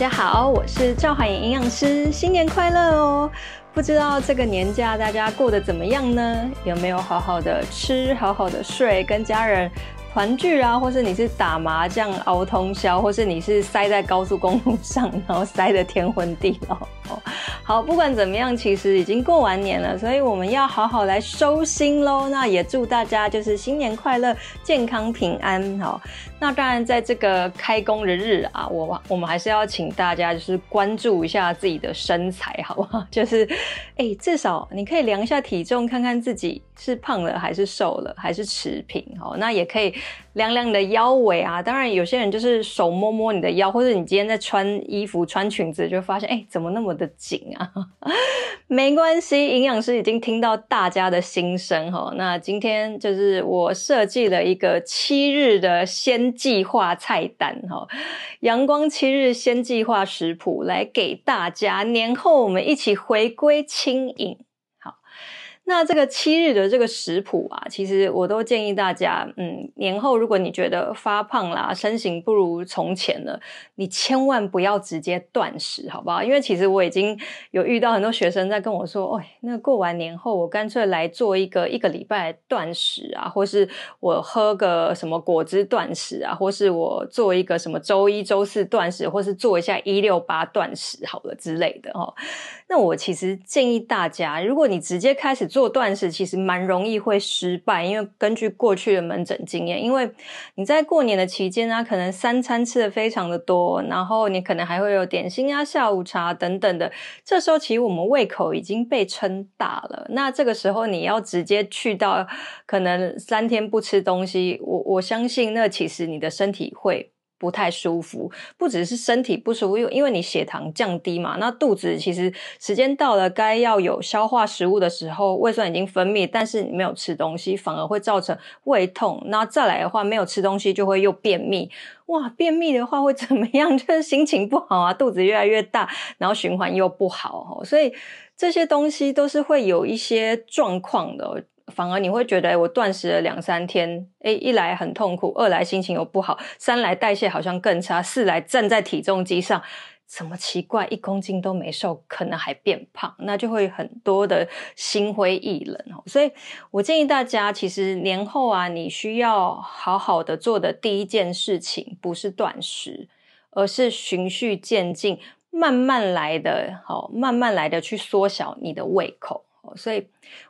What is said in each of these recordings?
大家好，我是趙函穎營養師，新年快樂哦！不知道這個年假大家過得怎麼樣呢？有沒有好好的吃，好好的睡，跟家人團聚啊？或是你是打麻將熬通宵，或是你是塞在高速公路上，然後塞的天昏地暗？好，不管怎麼樣，其實已經過完年了，所以我們要好好來收心嘍。那也祝大家就是新年快樂，健康平安哦。好那當然，在這個開工的日啊，我我們還是要請大家就是關注一下自己的身材，好不好？就是，哎、欸，至少你可以量一下體重，看看自己是胖了還是瘦了，還是持平哦，那也可以量量你的腰圍啊。當然，有些人就是手摸摸你的腰，或者你今天在穿衣服、穿裙子，就發現哎、欸，怎麼那麼的緊啊呵呵？沒關係，營養師已經聽到大家的心聲哈。那今天就是我設計了一個七日的纖。纖計劃菜單哈，陽光七日纖計劃食譜來給大家，年後我們一起回歸輕盈，好。那這個七日的這個食譜啊，其實我都建議大家，嗯，年後如果你覺得發胖啦、啊，身形不如從前了，你千萬不要直接斷食，好不好？因為其實我已經有遇到很多學生在跟我說，哦、哎，那過完年後我乾脆來做一個一個禮拜斷食啊，或是我喝個什麼果汁斷食啊，或是我做一個什麼週一週四斷食，或是做一下一六八斷食好了之類的。那我其實建議大家，如果你直接開始做。做斷食其實蠻容易會失敗，因為根據過去的門診經驗，因為你在過年的期間呢、啊，可能三餐吃的非常的多，然後你可能還會有點心啊、下午茶等等的，這時候其實我們胃口已經被撐大了，那這個時候你要直接去到可能三天不吃東西，我我相信，那其實你的身體會不太舒服，不只是身體不舒服，又因為你血糖降低嘛，那肚子其實時間到了該要有消化食物的時候，胃酸已經分泌，但是你沒有吃東西，反而會造成胃痛。那再來的話，沒有吃東西就會又便秘。哇，便秘的話會怎麼樣？就是心情不好啊，肚子越來越大，然後循環又不好。所以這些東西都是會有一些狀況的。反而你會覺得，我斷食了兩三天，哎，一來很痛苦，二來心情又不好，三來代謝好像更差，四來站在體重機上，怎麼奇怪，一公斤都沒瘦，可能還變胖，那就會有很多的心灰意冷哦。所以我建議大家，其實年後啊，你需要好好的做的第一件事情，不是斷食，而是循序漸進，慢慢來的好，慢慢來的去縮小你的胃口。所以，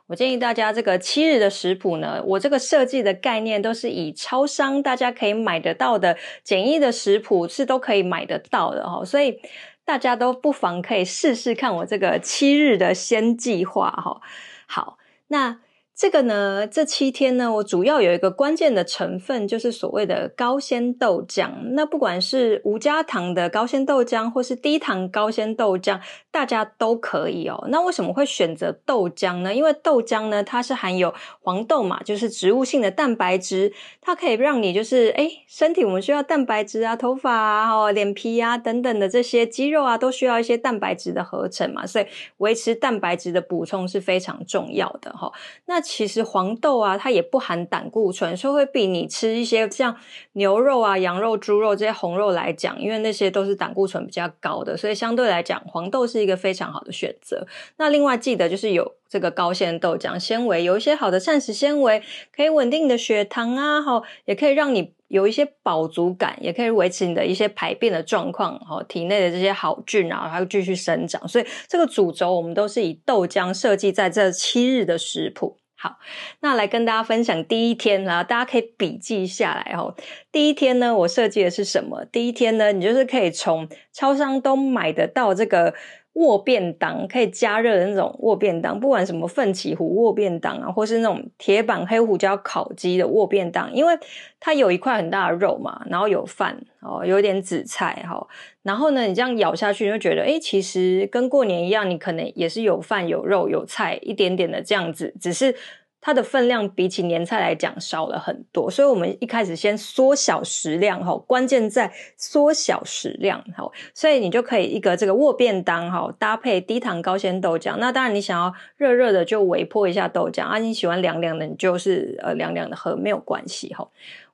我建議大家這個七日的食譜呢，我這個設計的概念都是以超商大家可以買得到的簡易的食譜，是都可以買得到的哈，所以大家都不妨可以試試看我這個七日的纖計畫哈。好，那。這個呢，這七天呢，我主要有一個關鍵的成分，就是所謂的高纖豆漿。那不管是無加糖的高纖豆漿，或是低糖高纖豆漿，大家都可以哦。那為什麼會選擇豆漿呢？因為豆漿呢，它是含有黃豆嘛，就是植物性的蛋白質，它可以讓你就是哎，身體我們需要蛋白質啊，頭髮哦、啊、臉皮啊等等的這些肌肉啊，都需要一些蛋白質的合成嘛，所以維持蛋白質的補充是非常重要的哈。那。其實黃豆啊，它也不含膽固醇，所以會比你吃一些像牛肉啊、羊肉、豬肉這些紅肉來講，因為那些都是膽固醇比較高的，所以相對來講，黃豆是一個非常好的選擇。那另外記得就是有這個高纖豆漿，纖維有一些好的膳食纖維，可以穩定你的血糖啊，好，也可以讓你。有一些飽足感，也可以維持你的一些排便的狀況，哈，體內的這些好菌啊，然後它會繼續生長。所以這個主軸，我們都是以豆漿設計在這七日的食譜。好，那來跟大家分享第一天，然後大家可以筆記下來哦。第一天呢，我設計的是什麼？第一天呢，你就是可以從超商都買得到這個。握便當可以加熱的那種握便當，不管什麼奮起湖握便當啊，或是那種鐵板黑胡椒烤雞的握便當，因為它有一塊很大的肉嘛，然後有飯哦，有點紫菜哈，然後呢，你這樣咬下去，你就覺得，誒、欸，其實跟過年一樣，你可能也是有飯有肉有菜，一點點的這樣子，只是。它的分量比起年菜來講少了很多，所以我們一開始先縮小食量吼，關鍵在縮小食量吼，所以你就可以一個這個握便當哈，搭配低糖高纖豆漿。那當然，你想要熱熱的就微波一下豆漿啊，你喜歡涼涼的，你就是呃涼涼的喝沒有關係吼。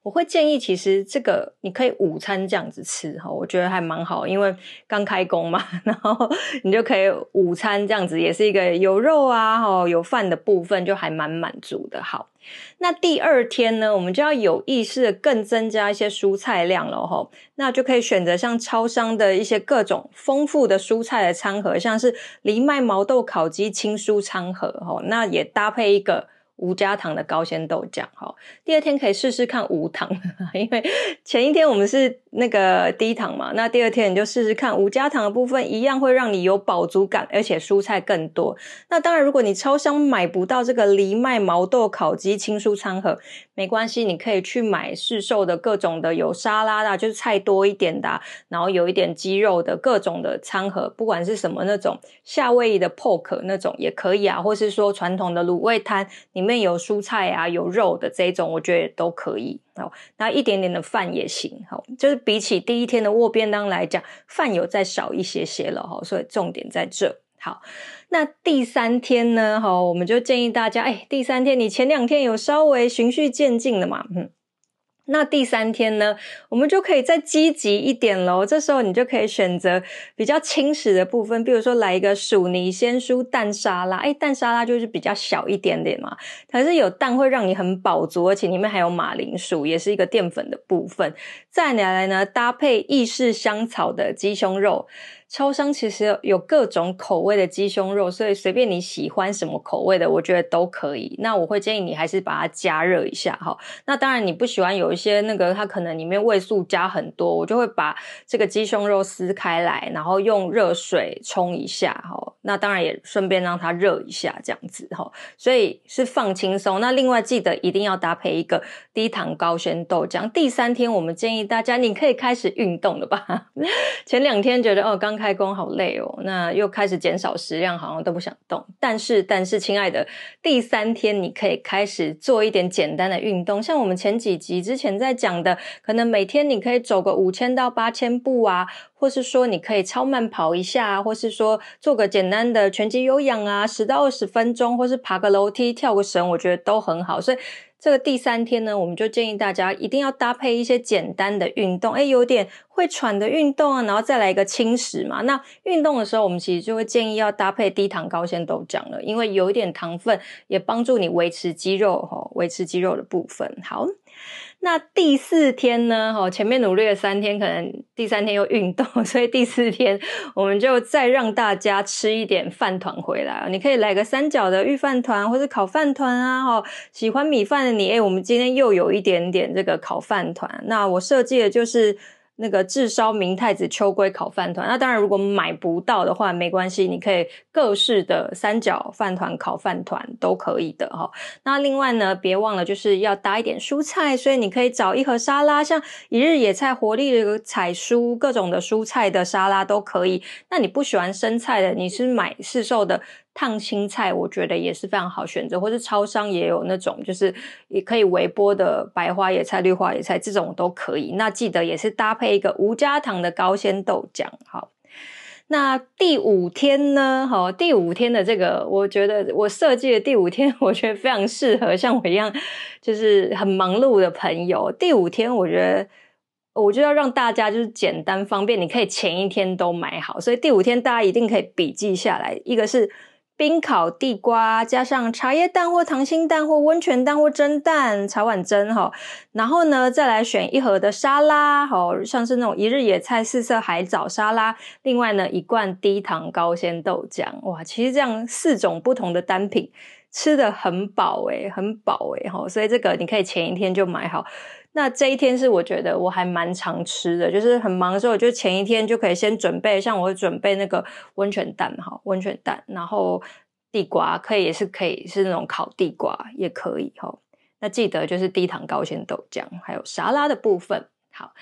我會建議，其實這個你可以午餐這樣子吃哈，我覺得還蠻好，因為剛開工嘛，然後你就可以午餐這樣子，也是一個有肉啊，哈，有飯的部分就還蠻滿足的。好，那第二天呢，我們就要有意識的更增加一些蔬菜量了哈，那就可以選擇像超商的一些各種豐富的蔬菜的餐盒，像是藜麥毛豆烤雞青蔬餐盒哈，那也搭配一個。無加糖的高鮮豆漿哈，第二天可以試試看無糖，因為前一天我們是那個低糖嘛，那第二天你就試試看無加糖的部分，一樣會讓你有飽足感，而且蔬菜更多。那當然，如果你超商買不到這個藜麥毛豆烤雞清蔬餐盒，沒關係，你可以去買市售的各種的有沙拉的，啊，就是菜多一點的，啊，然後有一點雞肉的各種的餐盒，不管是什麼那種夏威夷的 poke 那種也可以啊，或是說傳統的滷味攤，裡面有蔬菜啊，有肉的這一種，我覺得都可以。好，那一點點的飯也行。好，就是比起第一天的握便當來講，飯有再少一些些了。哈，所以重點在這。好，那第三天呢？哈，我們就建議大家，哎、欸，第三天你前兩天有稍微循序漸進的嘛，嗯。那第三天呢，我們就可以再積極一點咯。這時候你就可以選擇比較輕食的部分，比如說來一個薯泥鮮蔬蛋沙拉。誒，蛋沙拉就是比較小一點點嘛，還是有蛋會讓你很飽足，而且裡面還有馬鈴薯，也是一個澱粉的部分。再來呢，搭配意式香草的雞胸肉。超商其實有各種口味的雞胸肉，所以隨便你喜歡什麼口味的，我覺得都可以。那我會建議你還是把它加熱一下哈。那當然，你不喜歡有一些那個，它可能裡面味素加很多，我就會把這個雞胸肉撕開來，然後用熱水沖一下哈。那當然也順便讓它熱一下，這樣子哈。所以是放輕鬆。那另外記得一定要搭配一個低糖高纖豆漿。第三天，我們建議大家你可以開始運動了吧？ 前兩天覺得哦剛。開工好累哦，那又開始減少食量，好像都不想動。但是，但是，親愛的，第三天你可以開始做一點簡單的運動，像我們前幾集之前在講的，可能每天你可以走個五千到八千步啊，或是說你可以超慢跑一下啊，或是說做個簡單的拳擊有氧啊，十到二十分鐘，或是爬個樓梯、跳個繩，我覺得都很好。所以。這個第三天呢，我們就建議大家一定要搭配一些簡單的運動，哎，有點會喘的運動啊，然後再來一個輕食嘛。那運動的時候，我們其實就會建議要搭配低糖高纖豆漿了，因為有一點糖分也幫助你維持肌肉吼、哦，維持肌肉的部分，好。那第四天呢？哈，前面努力了三天，可能第三天又運動，所以第四天我們就再讓大家吃一點飯糰回來，你可以來個三角的御飯糰，或是烤飯糰啊！哈，喜歡米飯的你，哎，我們今天又有一點點這個烤飯糰。那我設計的就是，那個炙燒明太子秋鮭烤飯糰，那當然如果買不到的話沒關係，你可以各式的三角飯糰、烤飯糰都可以的哈。那另外呢，別忘了就是要搭一點蔬菜，所以你可以找一盒沙拉，像一日野菜活力的採蔬各種的蔬菜的沙拉都可以。那你不喜歡生菜的，你是買市售的。燙青菜，我覺得也是非常好選擇，或是超商也有那種，就是也可以微波的白花椰菜、綠花椰菜這種都可以。那記得也是搭配一個無加糖的高纖豆漿。好，那第五天呢？好，第五天的這個，我覺得我設計的第五天，我覺得非常適合像我一樣就是很忙碌的朋友。第五天，我覺得我就要讓大家就是簡單方便，你可以前一天都買好，所以第五天大家一定可以筆記下來，一個是。冰烤地瓜，加上茶葉蛋或溏心蛋或溫泉蛋或蒸蛋，茶碗蒸齁。然後呢，再來選一盒的沙拉，好像是那種一日野菜四色海藻沙拉。另外呢，一罐低糖高纖豆漿。哇，其實這樣四種不同的單品，吃得很飽誒，很飽誒齁。所以這個你可以前一天就買好。那這一天是我覺得我還蠻常吃的，就是很忙的時候，就前一天就可以先準備，像我準備那個溫泉蛋哈，溫泉蛋，然後地瓜可以也是可以，是那種烤地瓜也可以哈、哦。那記得就是低糖高纖豆漿，還有沙拉的部分。好，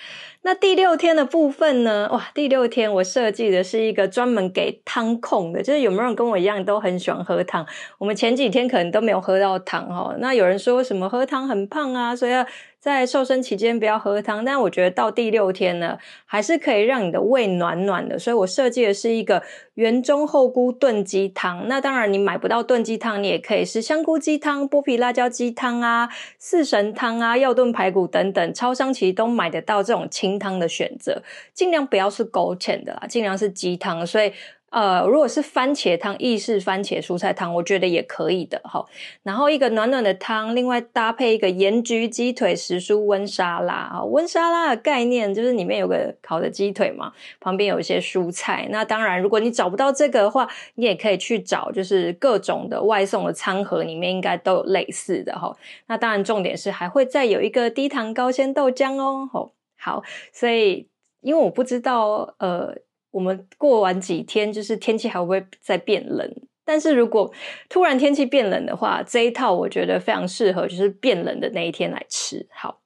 那第六天的部分呢？哇，第六天我設計的是一個專門給湯控的，就是有沒有人跟我一樣都很喜歡喝湯？我們前幾天可能都沒有喝到湯哈、哦。那有人說什麼喝湯很胖啊？所以要。在瘦身期間不要喝湯，但我覺得到第六天呢，還是可以讓你的胃暖暖的。所以我設計的是一個原盅猴菇燉雞湯。那當然你買不到燉雞湯，你也可以是香菇雞湯、剝皮辣椒雞湯啊、四神湯啊、藥燉排骨等等，超商其實都買得到這種清湯的選擇，盡量不要是勾芡的啦，盡量是雞湯。所以。呃，如果是番茄湯、意式番茄蔬菜湯，我覺得也可以的哈、哦。然後一個暖暖的湯，另外搭配一個鹽焗雞腿時蔬溫沙拉啊。溫、哦、沙拉的概念就是裡面有個烤的雞腿嘛，旁邊有一些蔬菜。那當然，如果你找不到這個的話，你也可以去找，就是各種的外送的餐盒裡面應該都有類似的哈、哦。那當然，重點是還會再有一個低糖高纖豆漿哦，哦。好，所以因為我不知道呃。我們過完幾天，就是天氣還會再變冷。但是如果突然天氣變冷的話，這一套我覺得非常適合，就是變冷的那一天來吃好。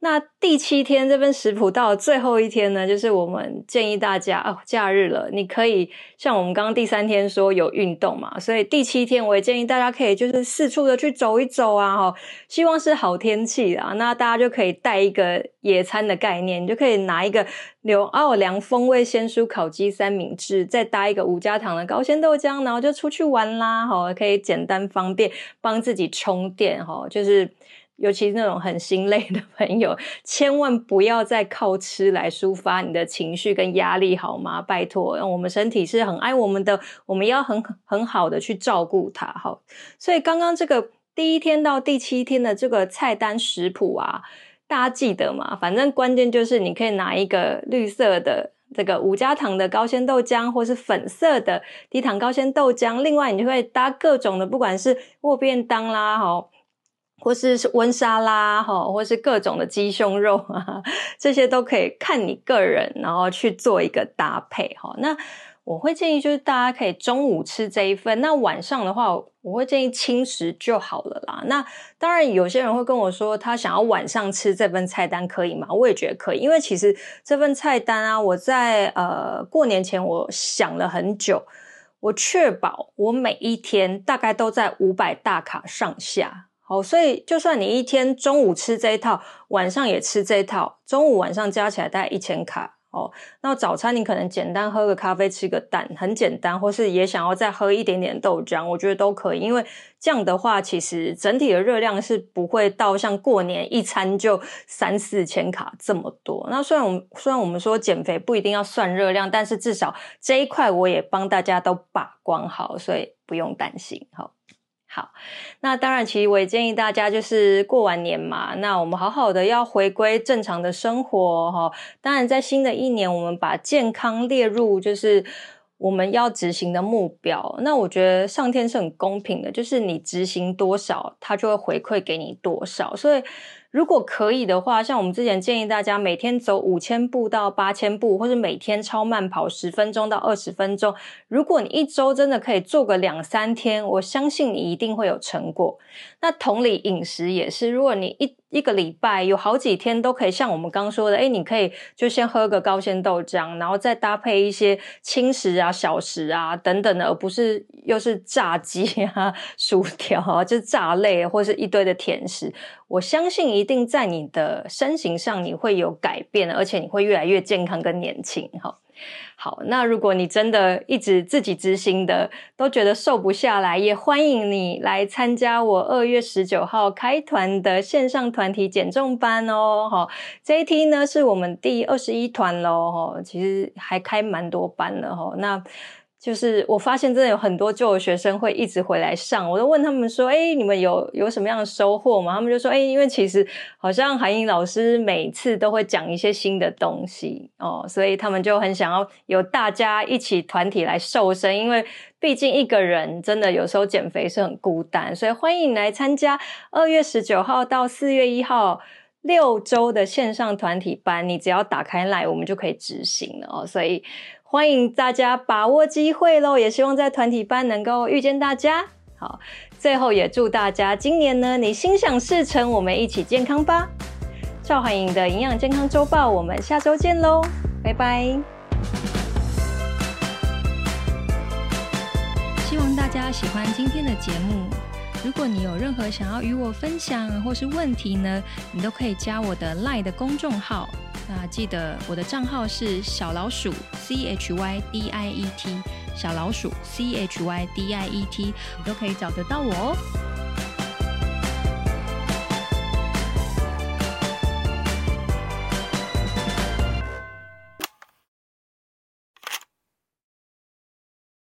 那第七天這份食譜到最後一天呢，就是我們建議大家哦，假日了，你可以像我們剛剛第三天說有運動嘛，所以第七天我也建議大家可以就是四處的去走一走啊，哈、哦，希望是好天氣啊，那大家就可以帶一個野餐的概念，你就可以拿一個紐奧良風味鮮蔬烤雞三明治，再搭一個無加糖的高纖豆漿，然後就出去玩啦，好、哦，可以簡單方便幫自己充電，哈、哦，就是。尤其是那種很心累的朋友，千萬不要再靠吃來抒發你的情緒跟壓力，好嗎？拜托，我們身體是很愛我們的，我們要很很好的去照顧它，好。所以剛剛這個第一天到第七天的這個菜單食譜啊，大家記得嗎？反正關鍵就是你可以拿一個綠色的這個無加糖的高纖豆漿，或是粉色的低糖高纖豆漿，另外你就會搭各種的，不管是御便當啦，好。或是是溫沙拉哈，或是各種的雞胸肉啊，這些都可以看你個人，然後去做一個搭配哈。那我會建議就是大家可以中午吃這一份，那晚上的話，我會建議輕食就好了啦。那當然有些人會跟我說，他想要晚上吃這份菜單可以嗎？我也覺得可以，因為其實這份菜單啊，我在呃過年前我想了很久，我確保我每一天大概都在五百大卡上下。哦，所以就算你一天中午吃這一套，晚上也吃這一套，中午晚上加起來大概一千卡哦。那早餐你可能簡單喝個咖啡，吃個蛋，很簡單，或是也想要再喝一點點豆漿，我覺得都可以，因為這樣的話其實整體的熱量是不會到像過年一餐就三四千卡這麼多。那雖然我們雖然我們說減肥不一定要算熱量，但是至少這一塊我也幫大家都把關好，所以不用擔心哈。哦那當然，其實我也建議大家，就是過完年嘛，那我們好好的要回歸正常的生活。當然，在新的一年，我們把健康列入就是我們要執行的目標。那我覺得上天是很公平的，就是你執行多少，它就會回饋給你多少。所以。如果可以的話，像我們之前建議大家每天走五千步到八千步，或是每天超慢跑十分鐘到二十分鐘。如果你一周真的可以做個兩三天，我相信你一定會有成果。那同理，飲食也是，如果你一一個禮拜有好幾天都可以像我們剛說的，誒，你可以就先喝個高纖豆漿，然後再搭配一些輕食啊、小食啊等等的，而不是又是炸雞啊、薯條啊，就是炸類或是一堆的甜食。我相信一定在你的身形上你會有改變，而且你會越來越健康跟年輕。好，那如果你真的一直自己執行的，都覺得瘦不下來，也歡迎你來參加我二月十九號開團的線上團體減重班哦。好，這一梯呢，是我們第二十一團咯，其實還開蠻多班的吼，那。就是我發現真的有很多舊的學生會一直回來上。我都問他們說：“哎、欸，你們有有什麼樣的收穫嗎？”他們就說：“哎、欸，因為其實好像函穎老師每次都會講一些新的東西哦，所以他們就很想要有大家一起團體來瘦身，因為畢竟一個人真的有時候減肥是很孤單，所以歡迎來參加二月十九號到四月一號六週的線上團體班，你只要打開 LINE，我們就可以執行了哦，所以。歡迎大家把握機會嘍，也希望在團體班能夠遇見大家。好，最後也祝大家今年呢，你心想事成，我們一起健康吧。趙函穎的營養健康週報，我們下周見嘍，拜拜。希望大家喜歡今天的節目。如果你有任何想要與我分享或是問題呢，你都可以加我的 Line 的公眾號。那記得我的賬號是小老鼠 CHYDIET 小老鼠 CHYDIET，你都可以找得到我哦。